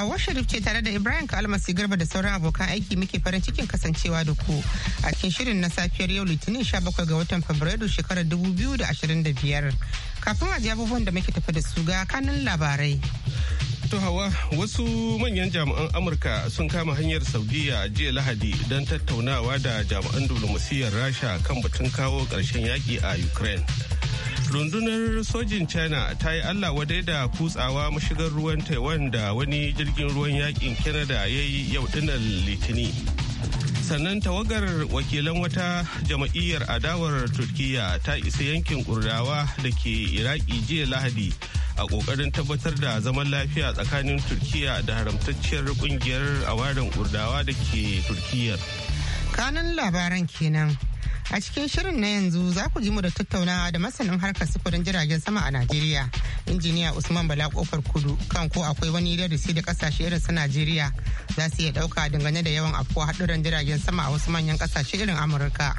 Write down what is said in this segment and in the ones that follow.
Hawwa Sharif ce tare da Ibrahim Kalmasi Garba da sauran abokan aiki muke farin cikin kasancewa da ku a cikin shirin na safiyar yau Litinin 17 ga watan Fabrairu shekarar 2025. Kafin a abubuwan da muke tafi da su ga kanun labarai. To hawa wasu manyan jami'an Amurka sun kama hanyar Saudiya jiya Lahadi don tattaunawa da jami'an diflomasiyyar Rasha kan batun kawo ƙarshen yaƙi a Ukraine. rundunar sojin china ta yi allah wadai da kutsawa mashigar ruwan taiwan da wani jirgin ruwan yakin canada ya yi yau dinar litini sannan tawagar wakilan wata jama'iyyar adawar turkiya ta isa yankin kurdawa da ke iraki jiya lahadi a kokarin tabbatar da zaman lafiya tsakanin turkiya da haramtacciyar kungiyar warin kurdawa da ke turkiyar kanan labaran kenan A cikin shirin na yanzu za ku ji mu da tattaunawa da masanin harkar sufurin jiragen sama a Najeriya, injiniya Usman Bala kofar kudu kan ko akwai wani darasi da kasashe irin su Najeriya za su iya dauka dangane da yawan afkuwa haɗuran jiragen sama a wasu manyan kasashe irin Amurka.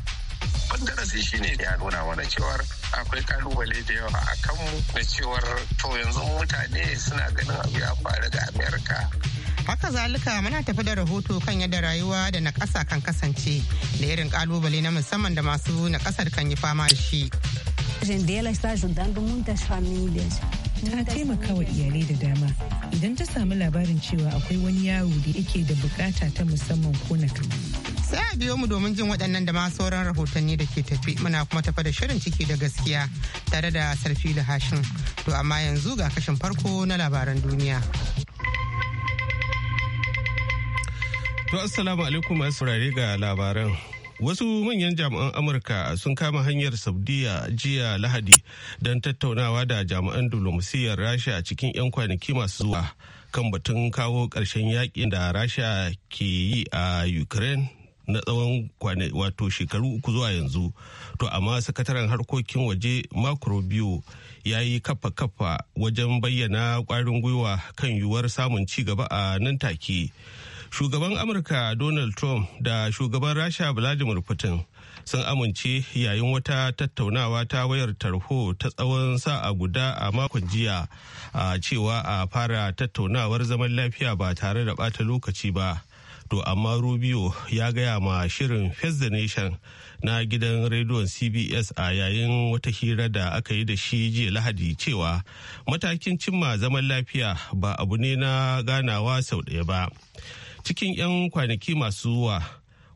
darasi shi ne ya nuna mana cewar akwai kalubale da yawa a kanmu da cewar to yanzu mutane suna ganin abu ya faru da Amerika haka zalika muna tafi da rahoto kan yadda rayuwa da na ƙasa kan kasance da irin kalubale na musamman da masu na ƙasar kan yi fama da shi. ta taimaka wa iyalai da dama idan ta samu labarin cewa akwai wani yaro da yake da bukata ta musamman ko na sai a biyo mu domin jin waɗannan da masu sauran rahotanni da ke tafi muna kuma tafa da shirin ciki da gaskiya tare da sarfi da hashin to amma yanzu ga kashin farko na labaran duniya To assalamu alaikum a saurare ga labaran. Wasu manyan jami'an Amurka sun kama hanyar Saudiya jiya Lahadi don tattaunawa da jami'an dulumusiyar Rasha cikin 'yan kwanaki masu zuwa kan batun kawo ƙarshen yakin da Rasha ke yi a Ukraine na tsawon wato shekaru uku zuwa yanzu. To amma sakataren harkokin waje makro biyu ya yi kafa-kafa wajen bayyana kwarin gwiwa kan yiwuwar samun ci gaba a nan take. shugaban amurka donald trump da shugaban rasha vladimir putin sun amince yayin wata tattaunawa ta wayar tarho ta tsawon sa'a guda a makon jiya a cewa a fara tattaunawar zaman lafiya ba tare da bata lokaci ba to amma rubio ya gaya ma shirin face the nation na gidan rediyon cbs a yayin wata hira da aka yi da shi jiya lahadi cewa matakin cimma zaman lafiya ba abu ne na ganawa sau ɗaya ba cikin 'yan kwanaki masu zuwa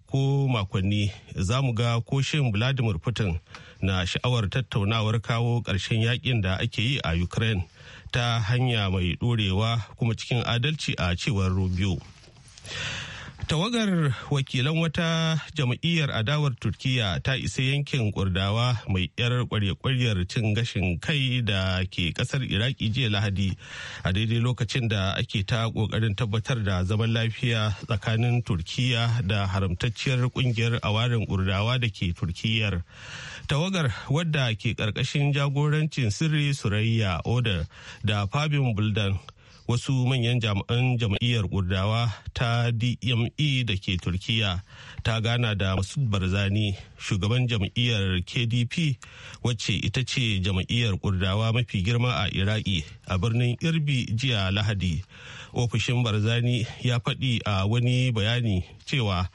ko makonni za mu ga ko shin vladimir putin na sha'awar tattaunawar kawo ƙarshen yakin da ake yi a ukraine ta hanya mai ɗorewa kuma cikin adalci a cewar rubio tawagar wakilan wata jam'iyyar adawar turkiya ta isa yankin kurdawa mai yar kwarye-kwaryar cin gashin kai da ke kasar iraki jiya lahadi a daidai lokacin da ake ta kokarin tabbatar da zaman lafiya tsakanin turkiya da haramtacciyar kungiyar awarin kurdawa da ke turkiyar tawagar wadda ke karkashin jagorancin sirri surayya oda da fabin buldan wasu manyan jami'an jam'iyyar kurdawa ta dme da ke turkiya ta gana da masu barzani shugaban jam'iyyar kdp wacce ita ce jam'iyyar kurdawa mafi girma a iraki a birnin irbi jiya lahadi ofishin barzani ya faɗi a wani bayani cewa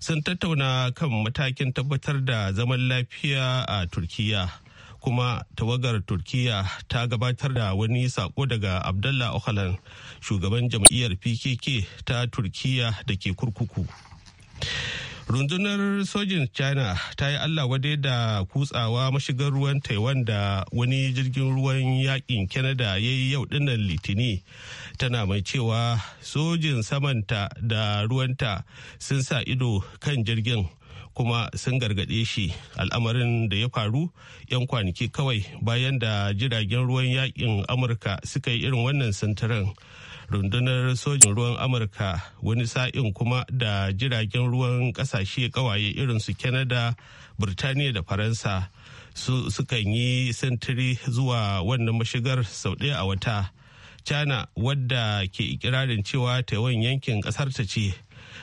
sun tattauna kan matakin tabbatar da zaman lafiya a turkiya kuma tawagar turkiya ta gabatar da wani sako daga Abdullah ocalan shugaban jam'iyyar pkk ta turkiya da ke kurkuku rundunar sojin china ta yi allah wadai da kutsawa mashigar ruwan taiwan da wani jirgin ruwan yakin canada ya yi yau dinnan litini tana mai cewa sojin samanta da ruwanta sun sa ido kan jirgin kuma sun gargaɗe shi al'amarin da ya faru 'yan kwanaki kawai bayan da jiragen ruwan yakin amurka suka yi irin wannan santaran rundunar sojin ruwan amurka wani sa'in kuma da jiragen ruwan ƙasashe ƙawaye irin su canada birtaniya da faransa su sukan yi sintiri zuwa wannan mashigar sau ɗaya a wata china wadda ke ikirarin cewa taiwan yankin ƙasarta ce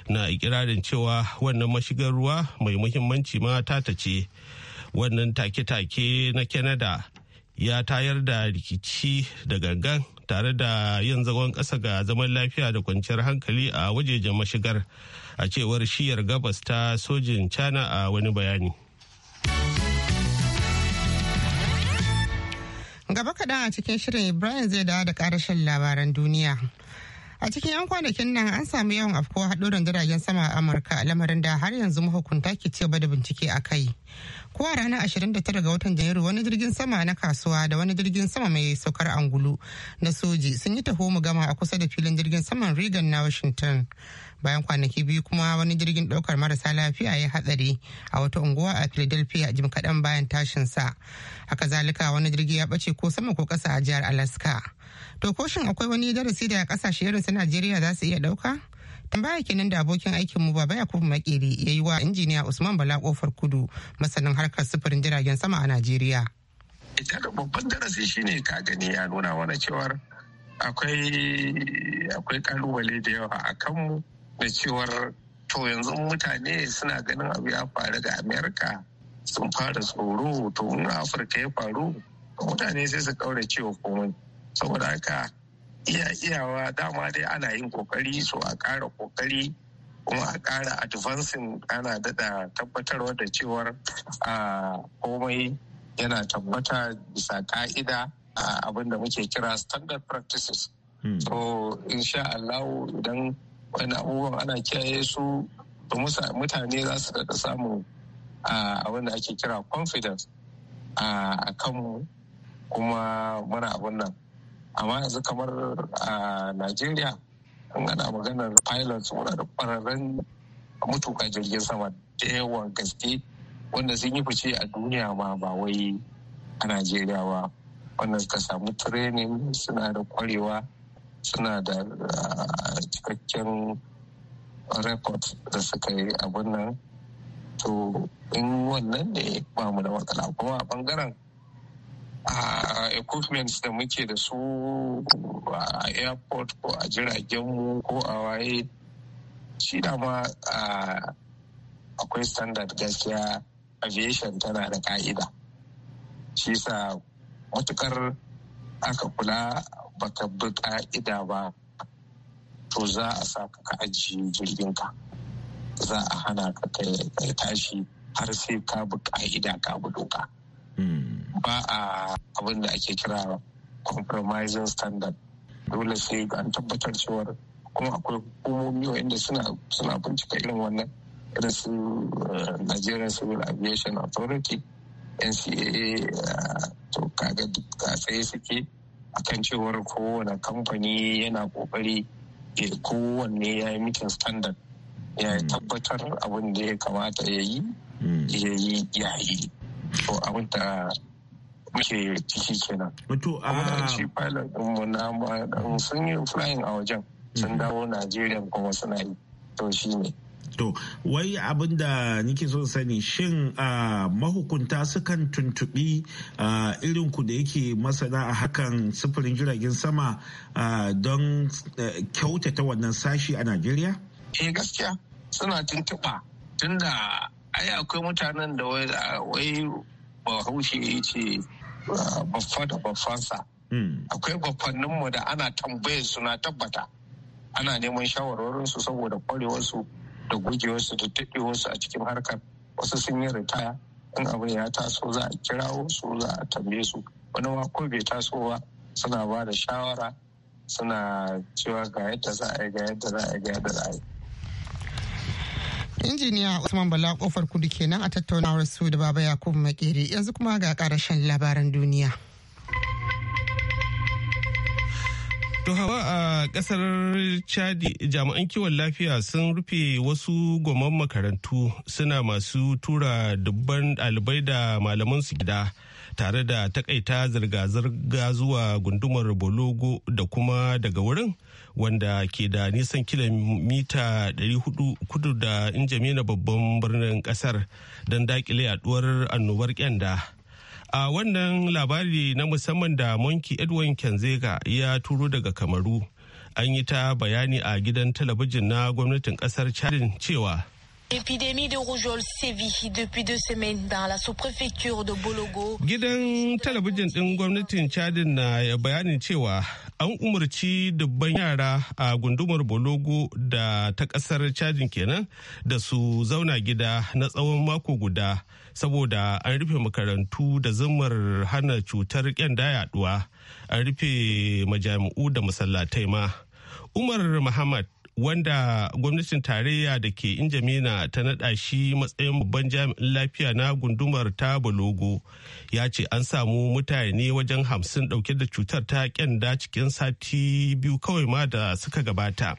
na ikirarin cewa wannan mashigar ruwa mai muhimmanci mata ta ce wannan take-take na canada ya tayar da rikici da gangan tare da yin zagon ƙasa ga zaman lafiya da kwanciyar hankali a wajejen mashigar a cewar shiyar gabas ta sojin china a wani bayani gaba kaɗan a cikin shirin ibrahim zai dawo da ƙarashin labaran duniya a cikin 'yan kwanakin nan an samu yawan afkuwa haɗuran jiragen sama a amurka a lamarin da har yanzu mahukunta ke ci da bincike a kai ko a ranar 29 ga watan janairu wani jirgin sama na kasuwa da wani jirgin sama mai saukar angulu na soji sun yi taho mu gama a kusa da filin jirgin saman reagan na washington bayan kwanaki biyu kuma wani jirgin ɗaukar marasa lafiya ya hatsari a wata unguwa a philadelphia jim kaɗan bayan tashinsa haka zalika wani jirgi ya ɓace ko sama ko ƙasa a jihar alaska To ko shin akwai wani darasi da kasashe irin su Najeriya za su iya dauka? Tambaya kenan da abokin aikin mu Baba yakub Makeri ya yi wa injiniya Usman Bala kofar kudu masanin harkar sufurin jiragen sama a Najeriya. Ita da babban darasi shine ka gani ya nuna wani cewar akwai akwai kalubale da yawa a kanmu da cewar to yanzu mutane suna ganin abu ya faru da Amerika sun fara tsoro to mun Afirka ya faru mutane sai su kaura cewa komai saboda haka iya iyawa dama dai ana yin kokari so a ƙara kokari kuma a ƙara advancing ana daɗa tabbatarwa da cewar komai yana tabbata bisa ka'ida a abin da muke kira standard practices hmm. so insha Allah idan wani abubuwan ana kiyaye su mutane za su daɗa samu a da ake kira confidence a kanmu kuma muna abin nan amma yanzu kamar a najeriya in ana maganar pilots muna da ƙwararren mutuka jirgin sama da yawan gaske wanda sun yi fice a duniya ma ba wai a najeriya ba wanda suka samu training suna da ƙwarewa suna da cikakken rekod da suka yi abin nan to in wannan ne ba mu da matsala kuma a bangaren a equipment da muke da su a airport ko a mu ko a waye shi dama akwai standard gaskiya aviation tana da ka'ida shi sa matukar aka kula baka bi ka'ida ba to za a sa ka ajiye jirginka za a hana ka kai tashi har sai ka bi ka'ida ka bi doka ba a abin da ake kira compromising standard dole sai an tabbatar cewar kuma akwai hukumomi wanda suna bincika irin wannan irin su eh, Nigerian Civil Aviation Authority NCAA eh, to kaga ga tsaye suke akan cewar kowane kamfani yana kokari kowanne ya yi mutum standard ya mm. tabbatar abin da ya kamata ya yi mm. ya yi ya yi to abin da muke ciki kenan. Wato a shi pilot ɗinmu na sun yi flying a wajen sun mm-hmm. dawo Najeriya kuma suna yi to shi ne. To, wai abin da nike so sani shin uh, mahukunta sukan tuntuɓi uh, irin ku da yake masana a hakan sufurin jiragen sama uh, don eh, kyautata wannan sashi a Najeriya? Eh gaskiya suna tuntuɓa tunda ai akwai mutanen da wai bahaushe ya ce baffa da baffansa hmm. akwai baffanninmu da ana tambayar suna tabbata ana neman shawarwarinsu saboda kwarewarsu da gujewarsu da daɗewarsu a cikin harkar wasu sun yi ritaya in abin ya taso za a kirawo su za a tambaye su wani ma ko bai taso ba suna ba da shawara suna cewa ga yadda za a yi ga yadda za a yi ga yadda za a yi injiniya usman bala kofar kudu kenan a tattaunawar su da baba yakubu makeri yanzu kuma ga karashen labaran duniya To hawa a kasar Chadi jami'an kiwon lafiya sun rufe wasu goman makarantu suna masu tura dubban ɗalibai da malaman su gida tare da takaita zirga-zirga zuwa gundumar Bologo da kuma daga wurin wanda ke da nisan kilomita 400 kudu da na babban birnin kasar don dakile yaduwar annobar kyanda a wannan labari na musamman da monki edwin kenzega ya turo daga kamaru an yi ta bayani a gidan talabijin na gwamnatin kasar chadin cewa L'épidémie de rougeole sévit depuis de Bologo. Gidan talabijin ɗin gwamnatin Chadin na bayanin cewa an umarci dubban yara a gundumar bologo da ta kasar cajin kenan da su zauna gida na tsawon mako guda saboda an rufe makarantu da zumar hana cutar kyanda yaduwa an rufe majami'u da masallatai ma umar muhammad wanda gwamnatin tarayya da ke injamina ta naɗa shi matsayin babban jami'in lafiya na gundumar ta balogo ya ce an samu mutane wajen hamsin ɗauke da cutar ta kyanda cikin sati biyu kawai ma da suka gabata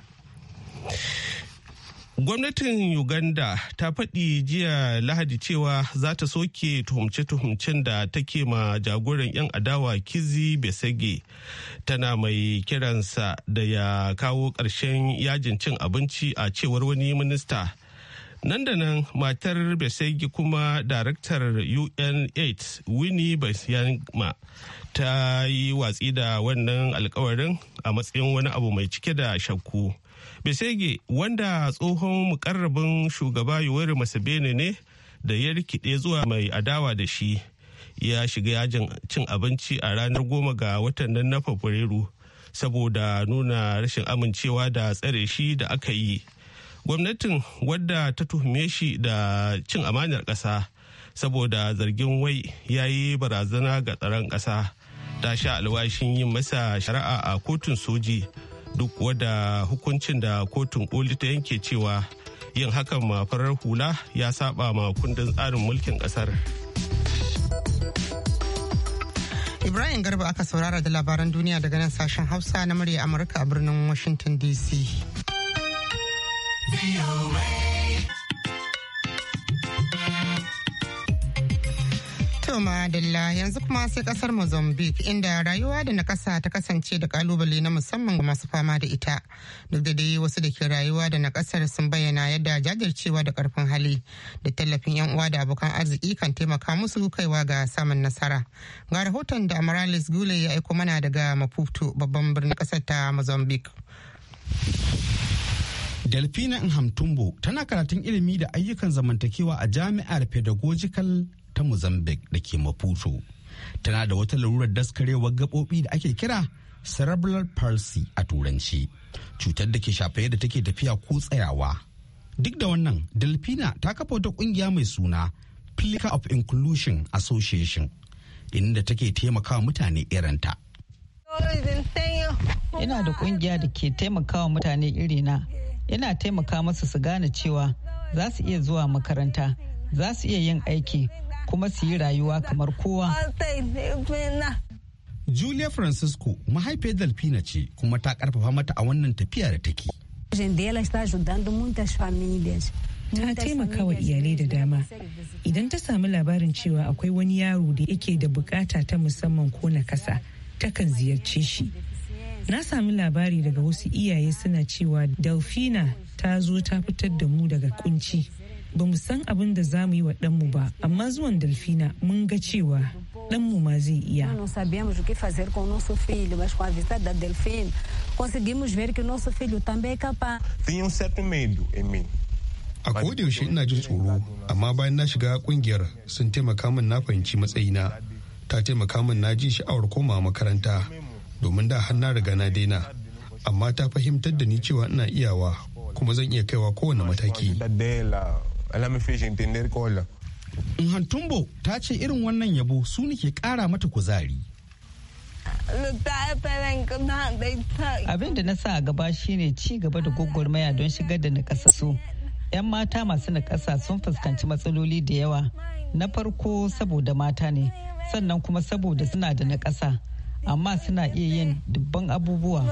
Gwamnatin Uganda ta faɗi jiya Lahadi cewa za ta soke tuhumce-tuhumcen da take ma jagoran 'yan adawa Kizi Besege tana mai kiransa da ya kawo ƙarshen yajin cin abinci a cewar wani minista. Nan da nan matar Besege kuma daraktar un Winnie Basyama ta yi watsi da wannan alkawarin a matsayin wani abu mai cike da shakku. Besege wanda tsohon mukarrabin shugaba Yoweri bene ne da ya rikide zuwa mai adawa da shi ya shiga yajin cin abinci a ranar goma ga watan nan na Fabrairu saboda nuna rashin amincewa da tsare shi da aka yi. Gwamnatin wadda ta tuhume shi da cin amanar ƙasa saboda zargin wai ya yi barazana ga tsaron ƙasa ta sha alwashin yin masa shari'a a kotun soji. duk wadda hukuncin da kotun koli ta yanke cewa yin hakan ma farar hula ya saba ma kundin tsarin mulkin kasar. Ibrahim Garba aka saurara da labaran duniya daga nan sashen Hausa na murya Amurka a birnin Washington DC. ma madalla yanzu kuma sai kasar Mozambique inda rayuwa da na kasa ta kasance da kalubale na musamman ga masu fama da ita. Duk da dai wasu da ke rayuwa da na kasar sun bayyana yadda jajircewa da karfin hali da tallafin yan uwa da abokan arziki kan taimaka musu kaiwa ga samun nasara. Ga rahoton da Amaralis Gule ya aiko mana daga Maputo babban birnin kasar ta Mozambique. Delphina Nhamtumbo tana karatun ilimi da ayyukan zamantakewa a jami'ar Pedagogical ta Mozambique da ke Maputo. Tana da wata larurar daskarewar gaɓoɓi da ake kira cerebral palsy a turanci, cutar da ke shafa da take tafiya ko tsayawa. Duk da wannan, Delfina ta kafa wata kungiya mai suna Plica of Inclusion Association, inda take taimakawa mutane irinta. Ina da ƙungiya da ke taimakawa mutane irina. yana taimaka masu su gane cewa za su iya zuwa makaranta za su iya yin aiki kuma su yi rayuwa kamar kowa. Julia Francisco mahaifiyar Delfina ce kuma ta karfafa mata a wannan tafiya da take. ta taimaka wa iyalai da dama idan ta sami labarin cewa akwai wani yaro da yake da bukata ta musamman ko na kasa takan ziyarce shi na sami labari daga wasu iyaye suna cewa delfina ta zo ta fitar da mu daga kunci ba mu san abin da za mu yi wa ɗanmu ba amma zuwan dalfina mun ga cewa ɗanmu ma zai iya a ver um yaushe ina jin tsoro amma bayan na shiga kungiyar sun taimaka min na fahimci matsayina ta taimaka min na ji sha'awar koma makaranta domin da har na riga na daina amma ta fahimtar da ni cewa ina iyawa kuma zan iya kaiwa kowane mataki alama fashin kola. ta ce irin wannan yabo su ne ke kara mata kuzari. Abin da na sa a gaba shine ci gaba da gwagwarmaya don shigar da na su 'Yan mata masu na kasa sun fuskanci matsaloli da yawa. Na farko saboda mata ne, sannan kuma saboda suna da na kasa amma suna iya yin dubban abubuwa.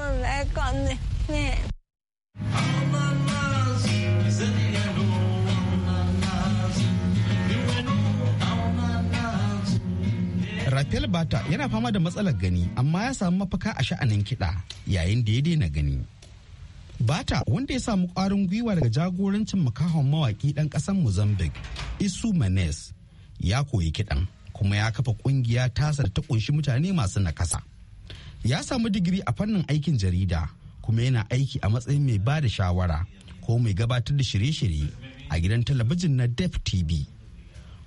Rafael Bata yana fama da matsalar gani amma ya samu mafaka a sha'anin kiɗa yayin da ya daina gani. Bata wanda ya samu ƙwarin gwiwa daga jagorancin makahon mawaƙi ɗan ƙasar Mozambique Isu Manes ya koyi kiɗan kuma ya kafa ƙungiya tasa da ta ƙunshi mutane masu nakasa. Ya samu digiri a fannin aikin jarida kuma yana aiki a matsayin mai ba da shawara ko mai gabatar da shirye-shirye a gidan talabijin na Def TV.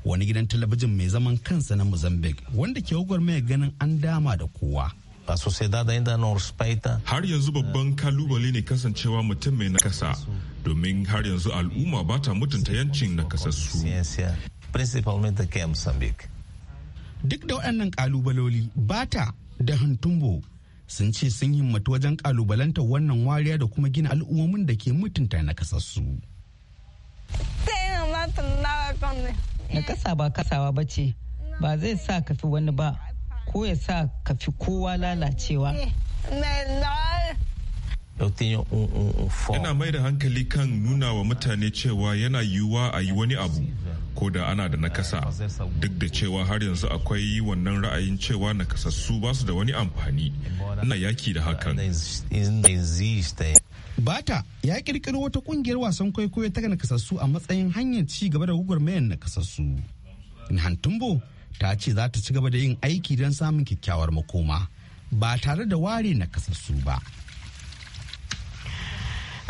wani gidan talabijin mai zaman kansa na mozambique wanda ke mai ganin an dama da kowa Har yanzu babban kalubale ne kasancewa mutum mai nakasa domin har yanzu al'umma ba ta mutunta yancin nakasassu. kasassu. Duk da waɗannan kalubaloli bata da hantumbo sun ce sun himmatu wajen kalubalanta wannan wariya da kuma gina al'ummomin da ke mutunta nakasassu. na kasa ba kasawa ba ce ba zai sa ka fi wani ba ko ya sa ka fi kowa lalacewa yana mm, mm, mm, mai da hankali kan nuna wa mutane cewa yana yiwuwa a yi wani abu ko da ana da nakasa duk da cewa har yanzu akwai wannan ra'ayin cewa nakasassu ba su da wani amfani ina yaki da hakan eh. Bata ya kirkiro wata kungiyar wasan kwaikwayo ta nakasassu a matsayin hanyar ci gaba da gwagwarmayar nakasassu. Nhantumbo ta ce za ta ci gaba da yin aiki don samun kyakkyawar makoma ba tare da ware nakasassu ba.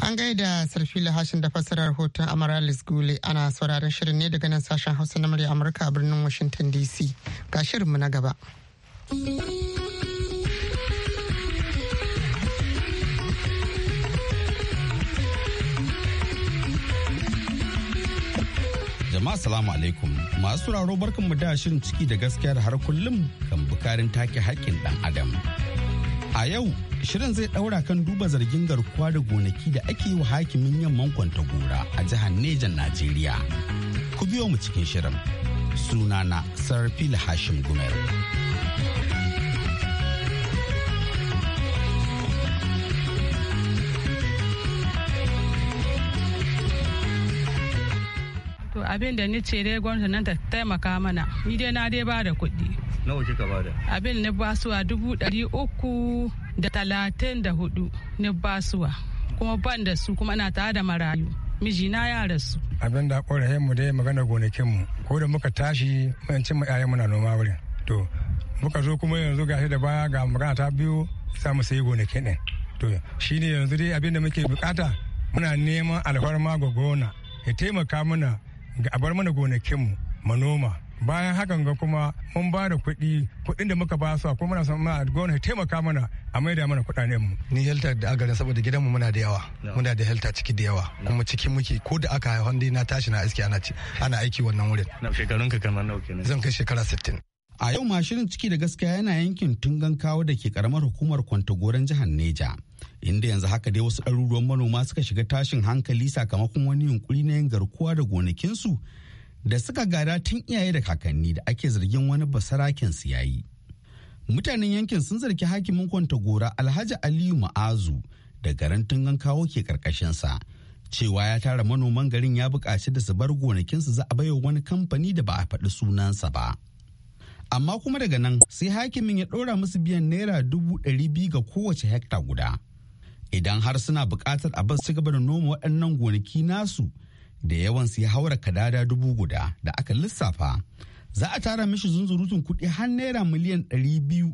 An gaida sarfi lahashin da fassara rahoton Amaralis Gule ana sauraron shirin ne daga nan sashen Hausa na murya Amurka a birnin Washington DC. Ga shirinmu na gaba. jama'a salamu alaikum masu sauraro barkan mu da shirin ciki da gaskiyar har kullum kan bukarin take haƙƙin dan adam a yau shirin zai daura kan duba zargin garkuwa da gonaki da ake yi wa hakimin yamman gora a jihar nejan najeriya ku biyo mu cikin shirin sunana sarfil hashim gumel abin da ni ce dai gwamnati nan ta taimaka mana ni dai na dai ba da kuɗi nawa kika ba da abin ni basuwa dubu ɗari uku da talatin da hudu ni basuwa kuma ban da su kuma na tare da marayu mijina ya rasu abin da ƙorayen mu dai magana gonakin mu ko da muka tashi mun cin mu ƴaƴan muna noma wurin to muka zo kuma yanzu gashi da baya ga magana ta biyu za mu sayi gonakin ɗin to shine yanzu dai abin da muke bukata muna neman alfarma ga gona ya taimaka mana a bar mana gonakinmu manoma bayan hakan ga kuma mun ba da kuɗi kuɗin da muka ba su kuma muna son mana gwamnati taimaka mana a maida mana kuɗaɗen mu ni helta da agarin saboda gidanmu muna da yawa muna da helta ciki da yawa kuma ciki muke ko da aka haihu dai na tashi na iske ana ana aiki wannan wurin na shekarun ka kamar nawa kenan zan kai shekara 60 a yau ma shirin ciki da gaskiya yana yankin tungan kawo da ke karamar hukumar kwantagoran jihar Neja inda yanzu haka dai wasu ɗaruruwan manoma suka shiga tashin hankali sakamakon wani yunkuri na yin garkuwa da gonakinsu da suka gada tun iyaye da kakanni da ake zargin wani basaraken su yayi. Mutanen yankin sun zargi hakimin kwanta gora Alhaji Aliyu Ma'azu da garin Tungan kawo ke karkashinsa. Cewa ya tara manoman garin ya buƙaci da su bar gonakinsu za a baiwa wani kamfani da ba a faɗi sunansa ba. Amma kuma daga nan sai hakimin ya ɗora musu biyan naira dubu ɗari biyu ga kowace hekta guda. idan har suna bukatar a bas su gaba da noma waɗannan gonaki nasu da yawan su ya haura kadada dubu guda da aka lissafa za a tara mishi zunzurutun kuɗi har naira miliyan ɗari biyu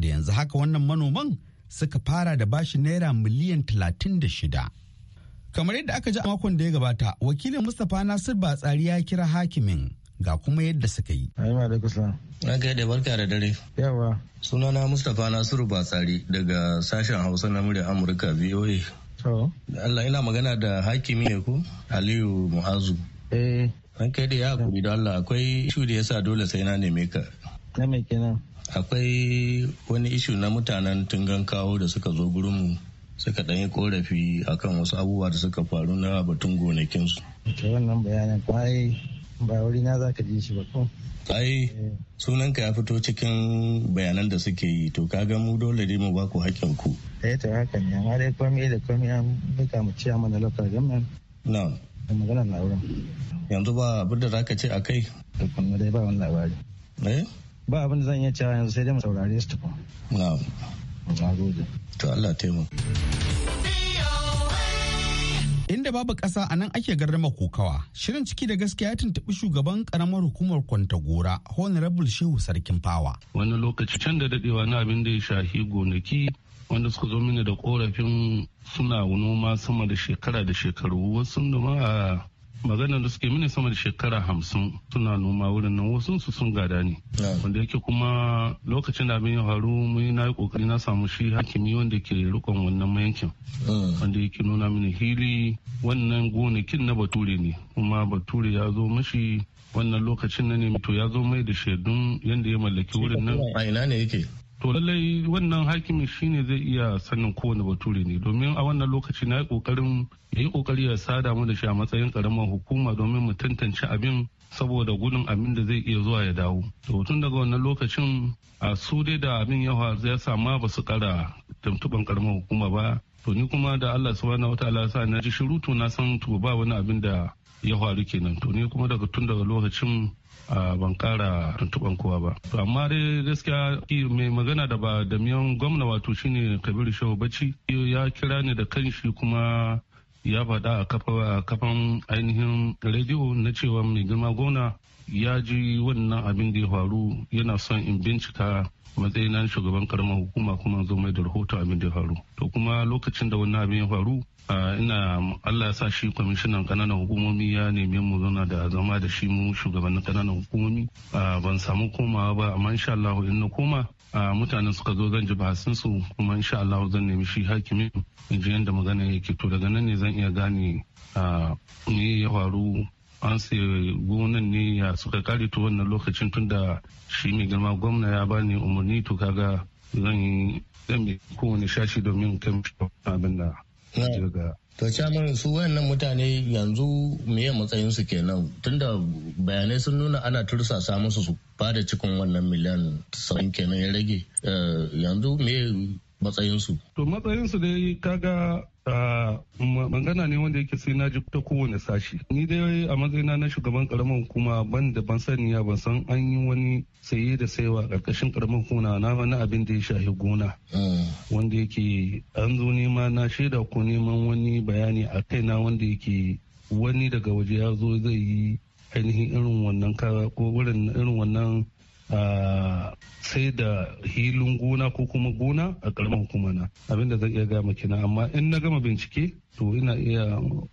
da yanzu haka wannan manoman suka fara da bashi naira miliyan talatin da shida. kamar yadda aka ji a makon da ya gabata wakilin mustapha nasir tsari ya kira hakimin ga kuma yadda suka yi. Ayyuma da kusa. Na kai da barka da dare. Yawa. Sunana Mustapha Nasiru Batsari daga sashen Hausa na murya Amurka VOA. Allah ina magana da hakimi ne ko Aliyu Muhazu. Eh. An kai da ya hakuri da Allah akwai ishu da yasa dole sai na neme ka. Na mai kenan? Akwai wani ishu na mutanen tungan kawo da suka zo gurinmu suka ɗan yi korafi akan wasu abubuwa da suka faru na batun gonakinsu. Wannan bayanin kwaye ba wuri na za ka ji shi ba ko ai eh. ka ya fito cikin bayanan da suke yi to ka ga mu dole ne mu ba ku hakkin ku eh ta haka ne amma dai komai da komai an buka mu ciya mana local government na. da magana na wurin yanzu ba abin da zaka ce akai da kuma dai ba wani labari eh ba abin da zan iya cewa yanzu sai dai mu saurare su tukun na'am na gode to Allah taimaka Inda babu ƙasa a nan ake garrama kokawa. Shirin ciki da gaskiya ya tuntuɓi shugaban karamar hukumar Kwantagora, Honorable Shehu Sarkin Fawa. Wani lokaci can da daɗewa na abin da ya shahi gonaki wanda suka zo mini da korafin suna noma sama da shekara da shekaru wasu ma a maganar da suke mini sama da shekara hamsin suna noma wurin nan wasu su sun gada ne wanda yake kuma lokacin da abin ya faru mun na yi kokari na samu shi hakimi wanda ke rikon wannan mayankin wanda yake nuna mini hili wannan gonakin na bature ne kuma bature ya zo mashi wannan lokacin na ne to ya zo mai da shaidun yadda ya mallaki wurin nan a ina ne yake to lallai wannan hakimin shine zai iya sanin kowane bature ne domin a wannan lokaci na yi kokarin ya yi kokari ya sada mu da shi a matsayin karamar hukuma domin mu tantance abin saboda gudun abin da zai iya zuwa ya dawo to tun daga wannan lokacin a su dai da abin ya faru ya sama ba su kara tuntuban karamar hukuma ba to ni kuma da Allah subhanahu wataala sa na ji shiru to na san to ba wani abin da ya faru kenan to ni kuma daga tun daga lokacin ban kara tuntuban kowa ba to amma dai gaskiya mai magana da ba da miyan gwamna wato shine kabiru shehu bacci ya kira ni da kanshi kuma ya faɗa a kafan ainihin rediyo na cewa mai girma gona ya ji wannan abin da ya faru yana son in bincika matsayin na shugaban karamar hukuma kuma zo mai da rahoto abin da ya faru to kuma lokacin da wannan abin ya faru ina Allah ya sa shi kwamishinan kananan hukumomi ya neme mu zauna da zama da shi mu shugabannin kananan hukumomi ban samu komawa ba amma insha Allah in na koma mutanen suka zo zan ji bahasin su kuma insha Allah zan nemi shi hakimi in ji yadda magana yake to daga nan ne zan iya gane ne ya faru an sai gonan ne ya suka kare to wannan lokacin tunda shi mai girma gwamna ya bani umarni to kaga zan yi zan bi kowane shashi domin kan abin da daga to chairman su wayannan mutane yanzu meye matsayin su kenan tunda bayanai sun nuna ana tursasa musu su bada cikin wannan miliyan 70 kenan ya rage eh, yanzu meye matsayin su to matsayin su dai kaga magana ne wanda yake sai na ji ta kowane sashi ni dai a matsayina na shugaban karamar hukuma ban da ban saniya ban san an yi wani saye da saiwa karkashin karamar hukuma na wani abin da ya shahi gona mm. wanda yake an zo nema na shaida ko neman wani bayani a kaina wanda yake wani daga waje ya zo zai yi ainihin irin wannan ko irin wannan sai da hilin gona ko kuma gona a karamar hukumana na abinda zai iya gama kina amma in na gama bincike to ina iya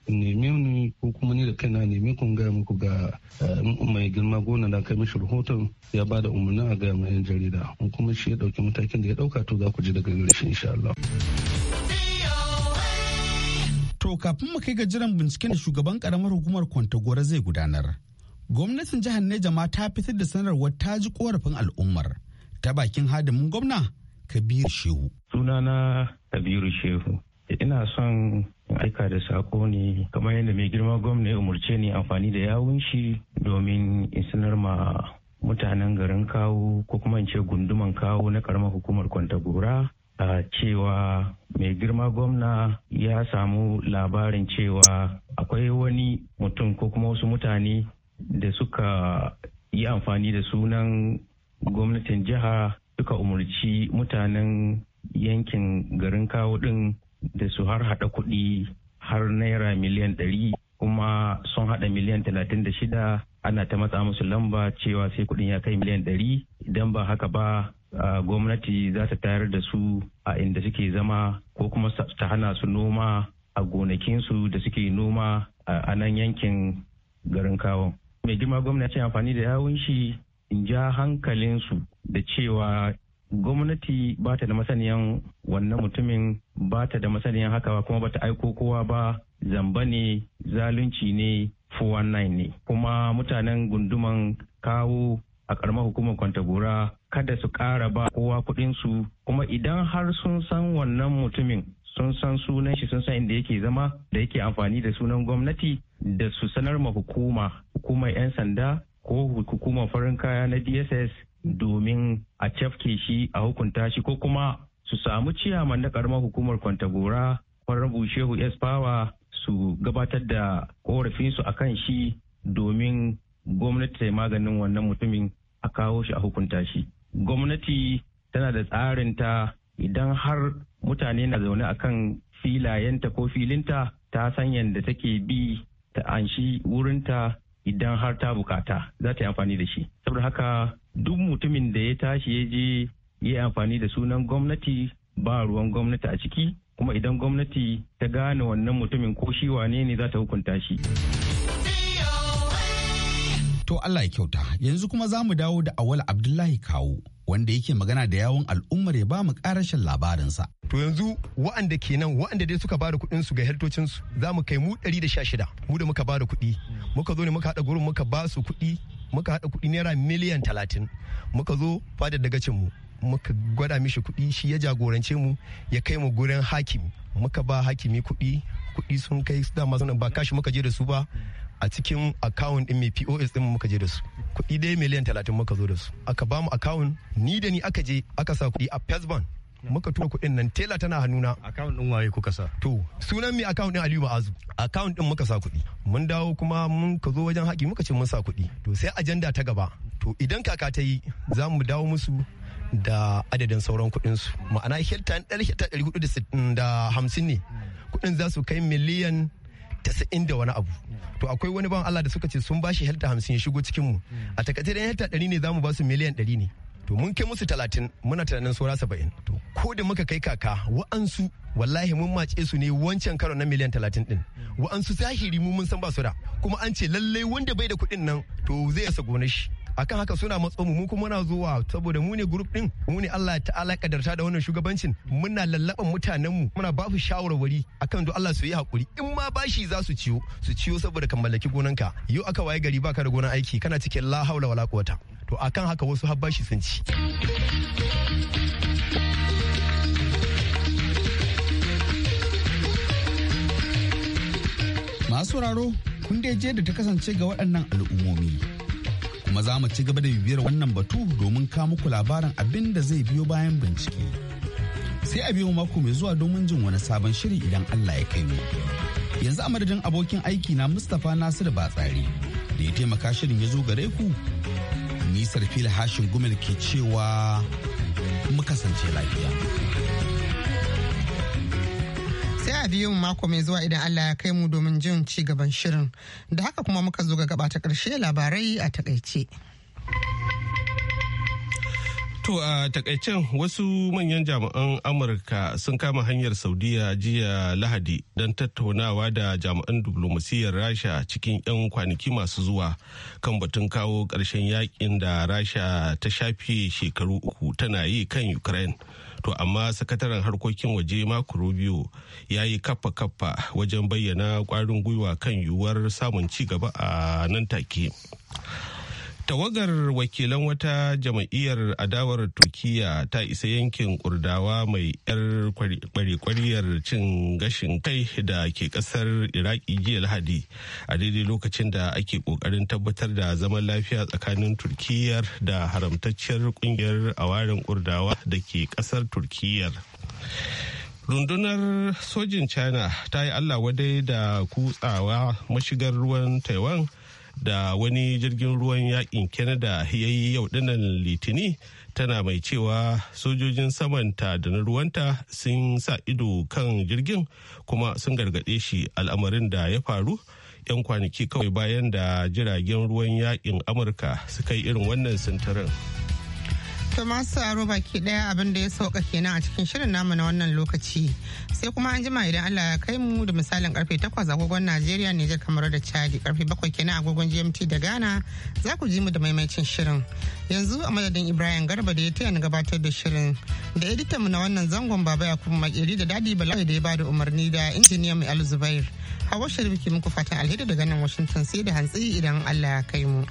neme ni ko kuma ni da kaina neme kun gaya muku ga mai girma gona na kai mishi rahoton ya ba da umarnin a gaya yan jarida kuma shi ya dauki matakin da ya dauka to za ku ji daga gare shi insha Allah. To kafin mu kai ga jiran binciken da shugaban karamar hukumar Gora zai gudanar. gwamnatin jihar neja ma ta fitar da sanarwar ta ji korafin al'ummar ta bakin hadimin gwamna kabiru shehu sunana kabiru shehu ina son aika da sako ne kamar yadda mai girma gwamna ya umarce ni amfani da yawun shi domin in sanar ma mutanen garin kawo ko kuma in ce gunduman kawo na karamar hukumar kwantagora a cewa mai girma gwamna ya samu labarin cewa akwai wani mutum ko kuma wasu mutane da suka yi amfani da sunan gwamnatin jiha suka umarci mutanen yankin garin kawo ɗin da su har haɗa kuɗi har naira miliyan ɗari kuma sun haɗa miliyan talatin da shida ana ta matsa musu lamba cewa sai kuɗin ya kai miliyan ɗari idan ba haka ba gwamnati za ta tayar da su a inda suke zama ko kuma ta hana su noma a gonakinsu da suke noma a nan yankin garin kawon. mai girma gwamnati amfani da yawun shi in ja hankalinsu da cewa gwamnati ba ta da masaniyan wannan mutumin ba ta da masaniyan haka ba kuma ba ta aiko kowa ba zamba ne zalunci ne 419 ne kuma mutanen gunduman kawo a karamar hukumar kwantagora kada su ƙara ba kowa kudinsu kuma idan har sun san wannan mutumin sun san sunan shi sun san inda yake zama da yake amfani da sunan gwamnati da su sanar ma hukuma hukumar 'yan sanda ko hukumar farin kaya na dss domin a cafke shi a hukunta shi ko kuma su samu ciyaman na karamar hukumar kwantagora farin shehu s power su gabatar da korafinsu a kan shi domin gwamnati ta yi maganin wannan mutumin a kawo shi a hukunta shi gwamnati tana da tsarinta idan har mutane na zaune a kan filayenta ko filinta ta san yadda take bi ta anshi wurinta idan har ta bukata za ta yi amfani da shi saboda haka duk mutumin da ya tashi ya je ya amfani da sunan gwamnati ba ruwan gwamnati a ciki kuma idan gwamnati ta gane wannan mutumin ko shi wane ne za ta hukunta shi to Allah ya kyauta yanzu kuma za mu dawo da awal abdullahi kawo wanda yake magana da yawon al'ummar ya ba mu karashin labarinsa. To yanzu wa'anda ke nan wa'anda dai suka bada kuɗin su ga hertocin su za mu kai mu 116 mu da muka bada kuɗi muka zo ne muka haɗa gurin muka ba su kuɗi muka haɗa kuɗi naira miliyan talatin muka zo fadar dagacin mu muka gwada mishi kuɗi shi ya jagorance mu ya kai mu gurin hakimi muka ba hakimi kuɗi kuɗi sun kai dama ba kashi muka je da su ba a cikin account din mai POS din muka je da su kuɗi dai miliyan talatin muka zo da su aka ba mu account ni da ni aka je aka sa kuɗi a Pesban muka tura kuɗin nan tela tana hannuna account din waye kuka sa to sunan mai account din Aliyu Ma'azu account din muka sa kuɗi mun dawo kuma mun ka zo wajen haƙi muka ce mun sa kuɗi to sai ajanda ta gaba to idan kaka ta yi za mu dawo musu da adadin sauran su ma'ana hektar 450 ne kuɗin za su kai miliyan tasa'in da wani abu to akwai wani ban Allah da suka ce sun bashi helta hamsin ya shigo cikin mu a takaice dan helta ɗari ne za mu ba su miliyan ɗari ne to mun kai musu talatin muna tunanin saura saba'in to ko da muka kai kaka wa'ansu wallahi mun mace su ne wancan karo na miliyan talatin din wa'ansu zahiri mu mun san ba su da kuma an ce lallai wanda bai da kuɗin nan to zai rasa gonar shi akan haka suna matso mu kuma muna zuwa saboda mu ne group din mu ne Allah ta'ala kadarta da wannan shugabancin muna lallaban mutanen mu muna ba su shawarwari akan do Allah su yi hakuri in ma bashi za su ciyo su ciyo saboda kan mallaki gonan ka yau aka waye gari baka da gonan aiki kana cikin la haula wala quwata to akan haka wasu har bashi sun ci masu raro, kun je da ta kasance ga waɗannan al'ummomi kuma za mu ci gaba da bibiyar wannan batu domin ka muku labarin abin da zai biyo bayan bincike sai a biyo mako mai zuwa domin jin wani sabon shiri idan allah ya kai mu yanzu a madadin abokin aiki na mustapha nasiru batsari da ya taimaka shirin ya zo gare ku nisar fili hashin gumel ke cewa mu kasance lafiya. biyu mako mai zuwa idan Allah ya kai mu domin jin ci gaban shirin. Da haka kuma muka zo ga gaba ta ƙarshe labarai a takaice. To a takaicen wasu manyan jami'an Amurka sun kama hanyar Saudiya jiya Lahadi don tattaunawa da jami'an diplomasiyyar Rasha cikin 'yan kwanaki masu zuwa kan batun kawo karshen yakin da Rasha ta shafe shekaru uku tana yi kan Ukraine. to amma sakataren harkokin waje marco rubio ya yi kaffa kaffa wajen bayyana kwarin gwiwa kan yiwuwar samun ci gaba a nan take tawagar wakilan wata jama'iyyar adawar turkiya ta isa yankin kurdawa mai yar kwarikwariyar cin gashin kai da ke kasar iraki jiya lahadi a daidai lokacin da ake kokarin tabbatar da zaman lafiya tsakanin turkiyar da haramtacciyar kungiyar awarin kurdawa da ke kasar turkiyar rundunar sojin china ta yi allah wadai da kutsawa mashigar ruwan taiwan da wani jirgin ruwan yakin canada ya yi yau dinnan litini tana mai cewa sojojin samanta da na ruwanta sun sa ido kan jirgin kuma sun gargade shi al'amarin da ya faru 'yan kwanaki kawai bayan da jiragen ruwan yakin amurka suka yi irin wannan sintirin. To masu aro baki daya abin da ya sauka kenan a cikin shirin namu na wannan lokaci. Sai kuma an jima idan Allah ya kai mu da misalin karfe 8 agogon Najeriya ne kamar da Chadi karfe 7 kenan agogon GMT da Ghana za ku ji mu da maimaicin shirin. Yanzu a madadin Ibrahim Garba da ya taya ni gabatar da shirin da editan mu na wannan zangon Baba Yakubu Makeri da Dadi Balawi da ya bada umarni da injiniya mai Al Zubair. Hawa Sharif ke muku fatan alheri daga nan Washington sai da hantsi idan Allah ya kai mu.